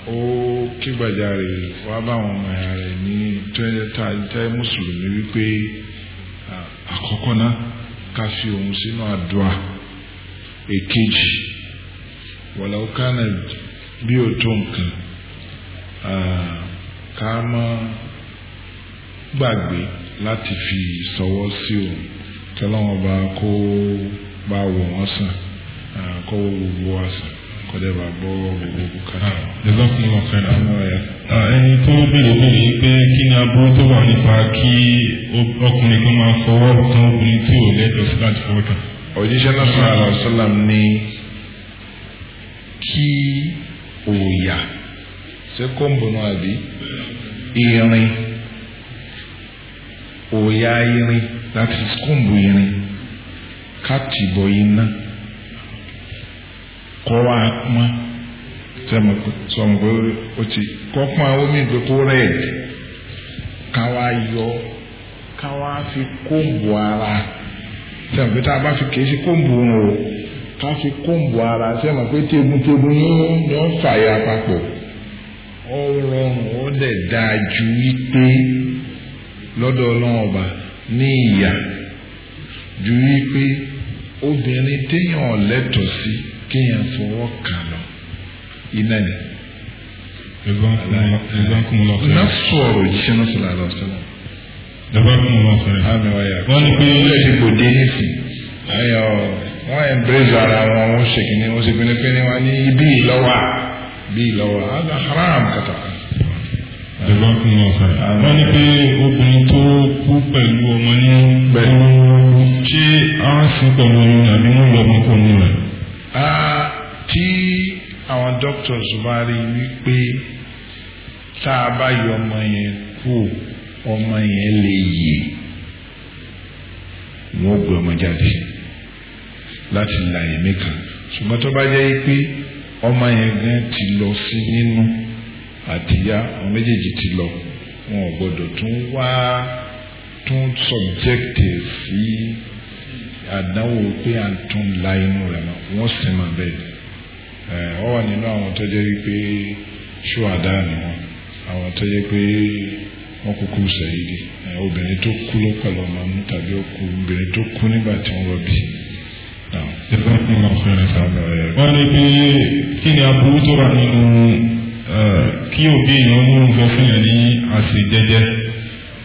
ó kígbàjarè wá báwọn ọmọ ẹ̀yà rẹ̀ ní tẹ́ mùsùlùmí wípé àkọ́kọ́ náà ká fi òun sínú àdúrà èkejì wàláwó kánà bí ó tó nǹkan ká má gbàgbé láti fi sọwọ́ sí òun kí ọlọ́wọ́n bá kó bá wọ̀ wọ́n sàn kó wọ gbogbo wa sàn kọ́dẹ̀bà gbọ́ gbogbo bùkátà. Jẹ́sọ́kùn lọ fẹ́ra. Ẹni tó bèrè bèrè yìí pé kí ni aburú tó wà nípa kí ọkùnrin kan máa fọwọ́ kan obìnrin tí ò lẹ́tọ̀ọ́ sí láti fọwọ́ kan. Òjíṣẹ́ náà sọ̀rọ̀ àlọ́ sọ́làm ní kí òòyà ṣé kóńbù náà àbí irin òòyà irin that is kóńbù irin ká tìbọ̀ iná kọ́ wa pọ́n sọmọ pé o ti kọ́ pọ́n omi pé kó rẹ́ẹ̀dì ká fi kóńbù ara sọmọ pé a bá fi kèé sí kóńbù òun o ká fi kóńbù ara sọmọ pé tegun-tegun ní wọ́n fàyà papọ̀ ó rọrùn ó dẹ̀ dáa ju wípé lọ́dọ̀ ọlọ́run ọba ní ìyà ju wípé obìnrin téèyàn lẹ́tọ̀ọ́ sí. Si kéèyàn fọwọ́ kà lọ iná ni. N'a sọ̀rọ̀ jíṣẹ́ náà sọ̀rọ̀ àlọ́ sọ̀rọ̀. Dàbá kún un lọ́sọ̀rọ̀. Àmì wáyà. Wọ́n ní pé ilé ti kò dé nísìn. Ayọ̀ wọ́n embrace ara wọn wọ́n ṣe kìíní wọ́n ṣe pínpín ní wọn ní ibi ìlọ́wà. Ibi ìlọ́wà. Àgbà haram kàtàkà jọlọ́kùn ọ̀sẹ̀. wọ́n ní pé obìnrin tó kú pẹ̀lú ọmọ ní pẹ̀lú ṣé a ń sin pẹ̀lú oyún àbí wọ́n yọ ọmọ kò ní rẹ̀ tí àwọn doctors bá rí wípé tá a bá yọ ọmọ yẹn kú ọmọ yẹn lè yè wọ́n gbé ọmọ jáde láti la ẹ̀mí kan ṣùgbọ́n tó bá jẹ́ pé ọmọ yẹn gan ti lọ sí nínú àtìyá ọmọ méjèèjì ti lọ wọn ò gbọdọ̀ tún wá tún subjective sí. Si àdánwò pé à ń tún la inú rẹ̀ mọ́ wọ́n sì mà bẹ́ẹ̀ ẹ̀ ọ wà nínú àwọn tó jẹ́ pé ṣùwádà ni wọ́n àwọn tó jẹ́ pé wọ́n kúkú sẹ́yìdì ẹ̀ obìnrin tó kú ló pẹ̀lú ọmọ mú tàbí òkú obìnrin tó kú nígbà tí wọ́n rọbí. wọ́n ní pé kí ni aburú tó wà nínú kí òbí èèyàn mú fẹ́ fún yẹn ní àṣejẹjẹ.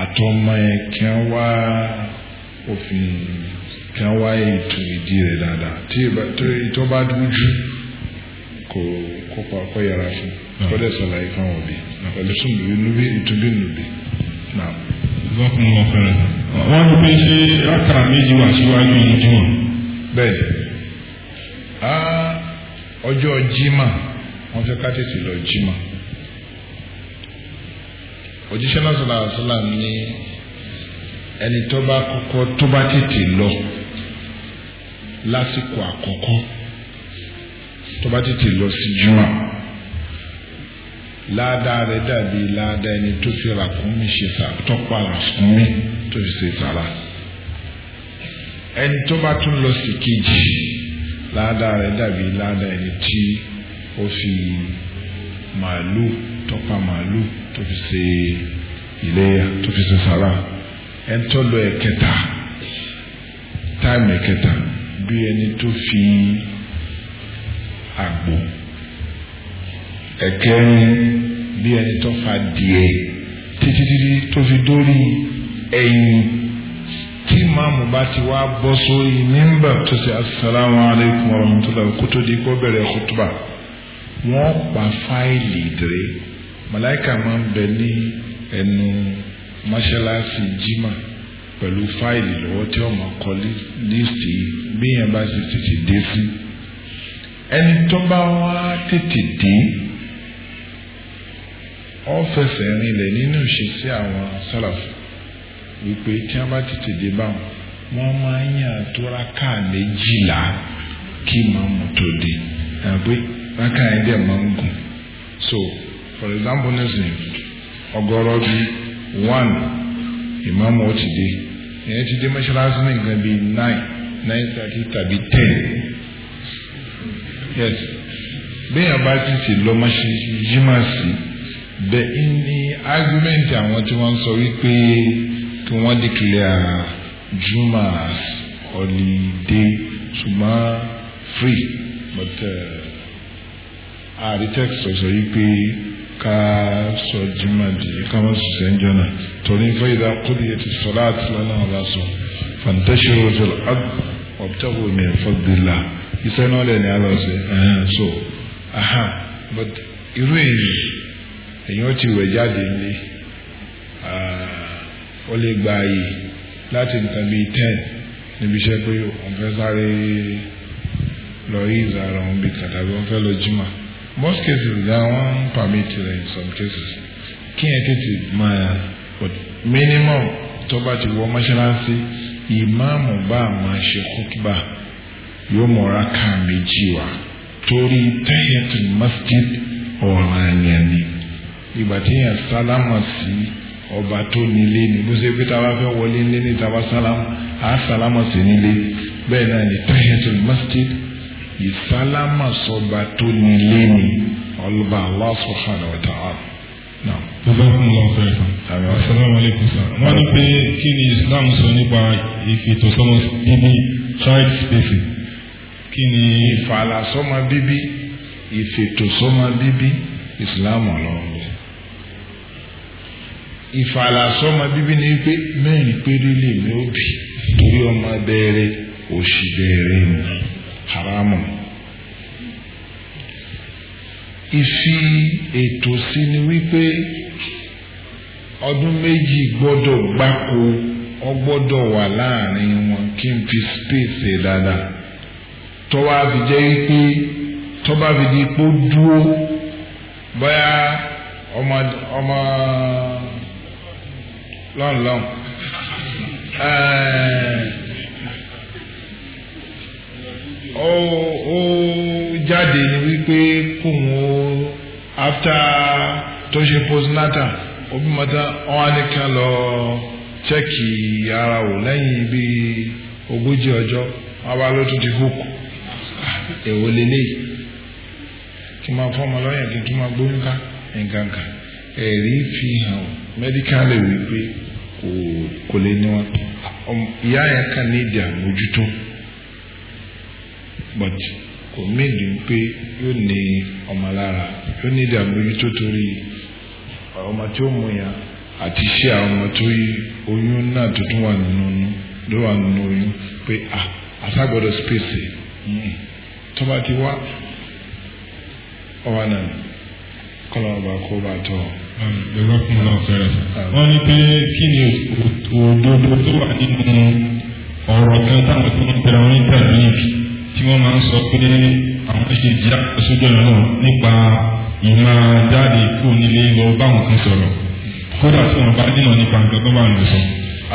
àtọmọ ẹ kí wọ́n wá òfin kí wọ́n wá ètò ìdí rẹ̀ dáadáa tí ìtọ́ bá dùn jù kò kópa kó yára fún ah. kó dẹ̀ sọ̀láyé òbí pẹ̀lú sùn lùbí ìtúbí lùbí ìgbọ́kùn wọ́n ní pé ṣé lọ jimá. òjíṣẹ́ náà sọ̀rọ̀ àṣọlá ní ẹni tó bá kọ́kọ́ tó bá tètè lọ lásìkò àkọ́kọ́ tó bá tètè lọ sí jùmọ̀ láàdáa rẹ̀ dàbí láàdáa ẹni tó fi ràkúnmí ṣe sàrà tó pa ràkúnmí tó fi ṣe sàrà ẹni tó bá tún lọ sí kejì láàdáa rẹ̀ dàbí láàdáa ẹni tí ó fi màálù tó pa màálù tó fi ṣe ìléyà tó fi ṣe sàrà ẹni tó lọ ẹ̀kẹta táìmù ẹ̀kẹta bí ẹni tó fi àgbò ẹ̀kẹrin bí ẹni tó fa díẹ̀ títítítí tó fi dórí ẹ̀yìn tí ba bá ti wá bọ́ sórí mímbà tó ṣe asalaamu alaykum wa rahmatulah kó di kó bẹ̀rẹ̀ kútùbà wọ́n pa fáìlì ìdíre màláìka máa ń bẹ ní ẹnu mọ́ṣáláṣí jimá pẹ̀lú fáìlì lọ́wọ́ tí ọmọ kọ líìsì bí yẹn bá sì tètè dé sí ẹni tó bá wá tètè dé ọ fẹsẹ̀ rinlẹ̀ nínú ìṣesí àwọn sálàfù wípé tí wọ́n bá tètè dé báwọn wọ́n máa ń yàn tó rákà méjìlá kí màmú tó dé àgbẹ̀ rákà yẹn dẹ̀ máa ń gùn so for example nísìnyí ọgọ́rọ̀ bíi one Imam ó ti dé ìyẹn ti dé mọ́ṣáláṣí ní nǹkan bíi nine nine thirty tàbí ten yes bẹ́ẹ̀ yẹn bá ti sì lọ mọ́ṣáláṣí bẹ́ẹ̀ ni argument àwọn tí wọ́n sọ wípé kí wọ́n declare juma as holiday Juma free but uh, àrí text sọ̀sọ̀ yìí pé ká sọ jimá di ká má ṣiṣẹ́ ń jọ́nà torí fẹ́ ìdá kúrò yẹ ti sọ́lá àti lọ́nà ọ̀la sọ fantashiru fil ard wabtagu min fadlillah iṣẹ́ náà lẹ́ni àlọ́ ṣe so aha but irú èyí èyàn ti wẹ̀ jáde nílé ah, ó lè gba ààyè láti nǹkan bíi ten níbi iṣẹ́ pé òun fẹ́ sáré lọ yí ìzàrà òun bíi kàtàbí òun fẹ́ lọ jimá most cases gan are one permit in some cases kí ẹ tètè máa but minimum tó bá ti wọ mọ́ṣáláṣí ìmáàmù bá máa ṣe kútùbà yóò mọ̀ra ká méjì wá torí tahiyatul masjid ọ̀ranyàn ni ìgbà tí yẹn sálámà sí ọba tó nílé ni bó ṣe pé tá a bá fẹ́ wọlé nílé ní tá a bá sálámà á sálámà sí nílé bẹ́ẹ̀ náà ni tahiyatul masjid ọ̀ranyàn ìsálámà sọba tó nílé ni ọlọ́ba Allah subhanahu wa ta'ala. Assalamu alaikum sir. Wọ́n ní pé kí ni Islam sọ nípa ìfètòsọ́mọ bíbí child spacing? Kí ni ìfàlàsọ́mọ bíbí, ìfètòsọ́mọ bíbí, Islam ọlọ́run. Ìfàlàsọ́mọ bíbí ni pé mẹ́rin péré lèmi ó bì torí ọmọ bẹ̀rẹ̀ òṣì bẹ̀rẹ̀ ni haramu ìfi ètò sí ni wípé ọdún méjì gbọ́dọ̀ gbáko ọ gbọ́dọ̀ wà láàrin wọn kí n fi space e dáadáa tọ́wọ́ á fi jẹ́ wípé tọ́ba fi di pé dúró bóyá ọmọ ọmọ lọ́nlọ́n ẹ̀ẹ́. ó jáde ni wípé kóun ó after tó ṣe postnatal ó bímọ tán á ní lọ chẹ́kì ara wò lẹ́yìn bíi ogójì ọjọ́ wọn bá ló tún ti hook èwo lélẹ́yìí kí máa fọ́ ọmọ lọ́yìn kí tún máa gbóyún ká kò lè ní wọn ìyá but kò méjì pé yóò ní ọmọ lára yóò ní ìdí àmójútó torí ọmọ tí ó mú yàn àti ṣé àwọn ọmọ tó yí oyún náà tó tún wà nínú ló wà nínú oyún pé àṣàgbọ́dọ̀ space e. hmm. tó bá ti wá ọwọ́ náà kọ́lá ọba kó bá tọ́ ọ lọ́kùn náà fẹ́rẹ̀. wọ́n ní pé kí ni òdodo tó wà nínú ọ̀rọ̀ kan táwọn tó ń tẹ̀lé wọn ní tẹ̀lé níbi tí wọ́n máa ń sọ pé àwọn ṣe ìjà sójú ọ̀nà náà nípa ìmọ̀ jáde kúrò nílé lọ báwọn kan sọ̀rọ̀ kódà tí wọ́n bá dínà nípa nǹkan tó bá ń lò sọ.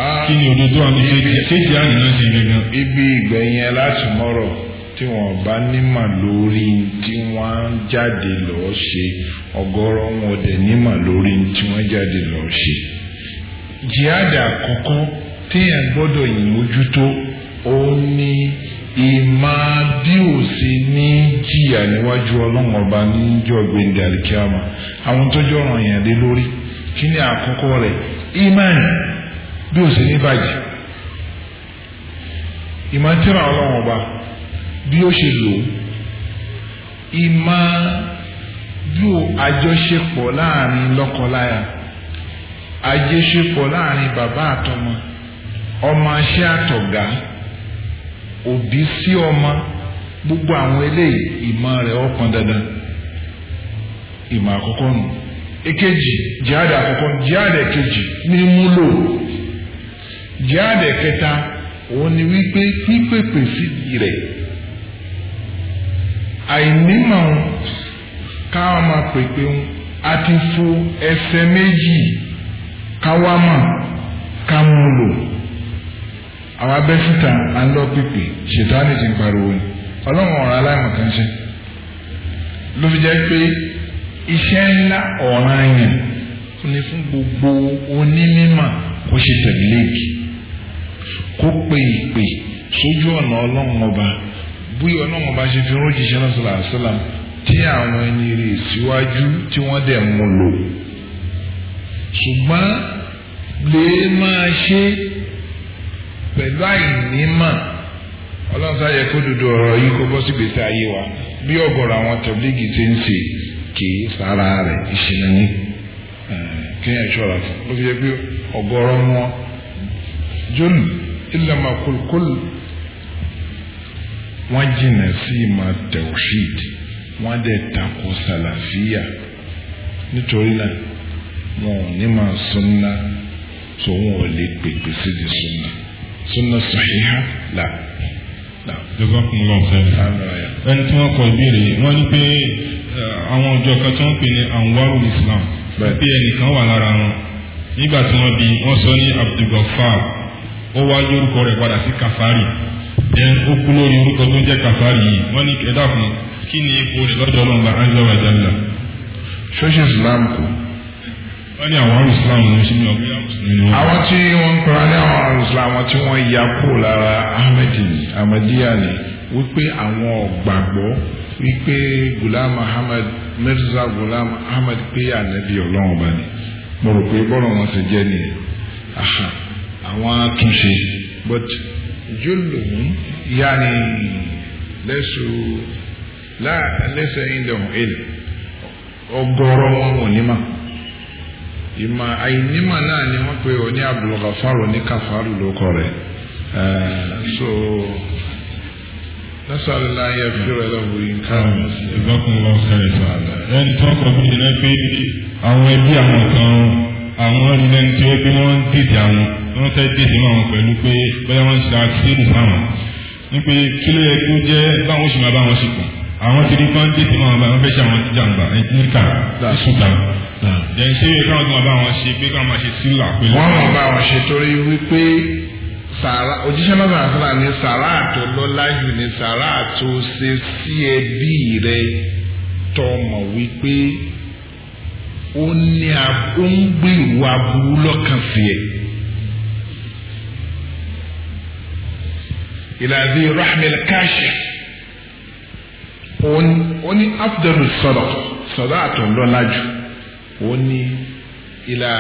Ah. kí ni òdodo àwọn kéèjì àyìn ṣe gangan. ibi ìgbẹ̀yìn láti mọ́rọ̀ tí wọ́n bá nímọ̀ lórí tí wọ́n jáde lọ́ọ́ ṣe ọ̀gọ̀rọ̀ wọn dẹ̀ nímọ̀ lórí tí wọ́n jáde lọ́ọ́ ṣe. jihad àkọ́kọ́ téèyàn gbọ́dọ̀ yìn ojú tó ó ní ìmọ̀ bí ò sí ní jìyà níwájú ọlọ́run ọba níjọ́ gbẹ̀ndẹ̀ àlìkíyàmà àwọn tó jọ̀ràn yẹn lé lórí kí ni àkọ́kọ́ rẹ̀ iman bí ò sí ní bàjẹ́ ìmọ̀ tíra ọlọ́run ọba bí ó ṣe lò ó ìmọ̀ bí ò àjọṣepọ̀ láàrin lọ́kọláya àjọṣepọ̀ láàrin bàbá àtọmọ ọmọ aṣẹ́ àtọ̀gá. òbí sí ọmọ gbogbo àwọn eléyìí ìmọ̀ rẹ̀ ọkàn dandan ìmọ̀ àkọ́kọ́ nù èkejì jihad àkọ́kọ́ jihad èkejì ní jihad ẹ̀kẹta òun ni wípé pípèpè sídìí rẹ̀ àìnímọ̀ káwọn máa pèpè ń àti fo ẹsẹ̀ méjì káwámà kámúlò àwọn abẹ́ síta à ń lọ pípé ṣètánì ti ń pariwo ni ọlọ́run ọ̀rọ̀ aláìmọ̀ kan ṣe ló fi jẹ́ pé iṣẹ́ ńlá ọ̀ràn yẹn ni fún gbogbo onímọ̀ kó ṣe tẹ̀léèkì kó pe ìpè sójú ọ̀nà ọlọ́run ọba bí ọlọ́run ọba ṣe fi rọ́jìṣẹ́ náà sọ̀rọ̀ àṣọlá tí àwọn ẹni rè síwájú tí wọ́n dẹ̀ mú lò ṣùgbọ́n lè máa ṣe é pẹ̀lú àìní mà ọlọ́run sáyẹ kó dodo ọ̀rọ̀ yìí kó bọ́ sí gbèsè ayé wa bí ọ̀gọ̀rọ̀ àwọn tẹ̀blígì ṣe ń ṣe kì í sára rẹ̀ ìṣìnà ní kéèyàn ṣọ́ra fún ló fi yẹ pé ọ̀gọ̀rọ̀ wọn jóni ìlànà kòlkòlù wọ́n jìnnà sí ìmọ̀ tẹ̀wọ̀ṣíìd wọ́n dẹ̀ takò sàlàfíà nítorí náà wọn ò ní máa sunna tó wọn ò lè pèpè sí di sunna sunna sahiha la. jazakumullahu khairan. ẹni tí wọ́n kọ ìbéèrè wọ́n ní pé àwọn ọjọ́ kan tí wọ́n pè ní anwarul islam pé ẹnìkan wà lára wọn nígbà tí wọ́n bí wọ́n sọ ní abdulgafar ó wá lórúkọ rẹ̀ padà sí kafari ẹn ó kú lórí orúkọ tó ń jẹ́ kafari yìí wọ́n ní ẹ̀dá kan kí ni ipò rẹ̀ lọ́dọ̀ ọlọ́run bá ánjẹ́ ṣọ́ṣẹ́ islam kù wọ́n ní àwọn arúgbó islam ló ṣe ọgbẹ́ àmùsùlùmí ni wọ́n. àwọn tí wọ́n ń kọ́ra ní àwọn islam àwọn tí wọ́n ya kó lára ahmedi ahmediya ni wípé àwọn ọ̀gbàgbọ́ wípé gulam ahmed mirza gulam ahmed pé ànábì ọlọ́run ọba ni mo rò pé bọ́lọ̀ wọn ti jẹ́ nìyẹn àwọn àtúnṣe but jùlùmí yáni lẹ́sù lẹ́sẹ̀ ìdẹ̀hùn èlì ọgọ́rọ̀ wọn ò ní máa ìmọ̀ àìnímọ̀ náà ni wọ́n pe òní abdulghafaru ní kafaru lóko rẹ̀ so nasarala yẹ fúra lọ́wọ́ yín ká. ìbákùnrin wọn sáré sọ àlẹ. ẹni tó kọ fún yìí náà pé àwọn ẹbí àwọn kan àwọn ẹni tí ó gbé wọn ń dìde àwọn wọn fẹ́ dìde mọ́ àwọn pẹ̀lú pé bóyá wọ́n ń ṣe àkíyèsí fáwọn ní pé kí ló yẹ kó jẹ́ báwọn oṣù máa bá wọn sì kàn àwọn ti di kan dé sí wọn bá wọn fẹ́ ṣe àwọn jàǹbá níkà sùkà jẹ́ ṣé káwọn tó máa bá wọn ṣe pé káwọn máa ṣe sílù àpèlè. wọ́n máa bá wọn ṣe torí wípé sàrà òjíṣẹ́ lọ́sàn àṣàlà ní sàrà tó lọ́lá jù ní sàrà tó ṣe sí ẹbí rẹ tó mọ̀ wípé ó ní ó ń gbé ìwà burú lọ́kàn sí ẹ. ìlàdí rahmil kashif ó ní afdalu sọ̀rọ̀ sọ̀rọ̀ àtọ̀lọ́lá jù ó ní ilà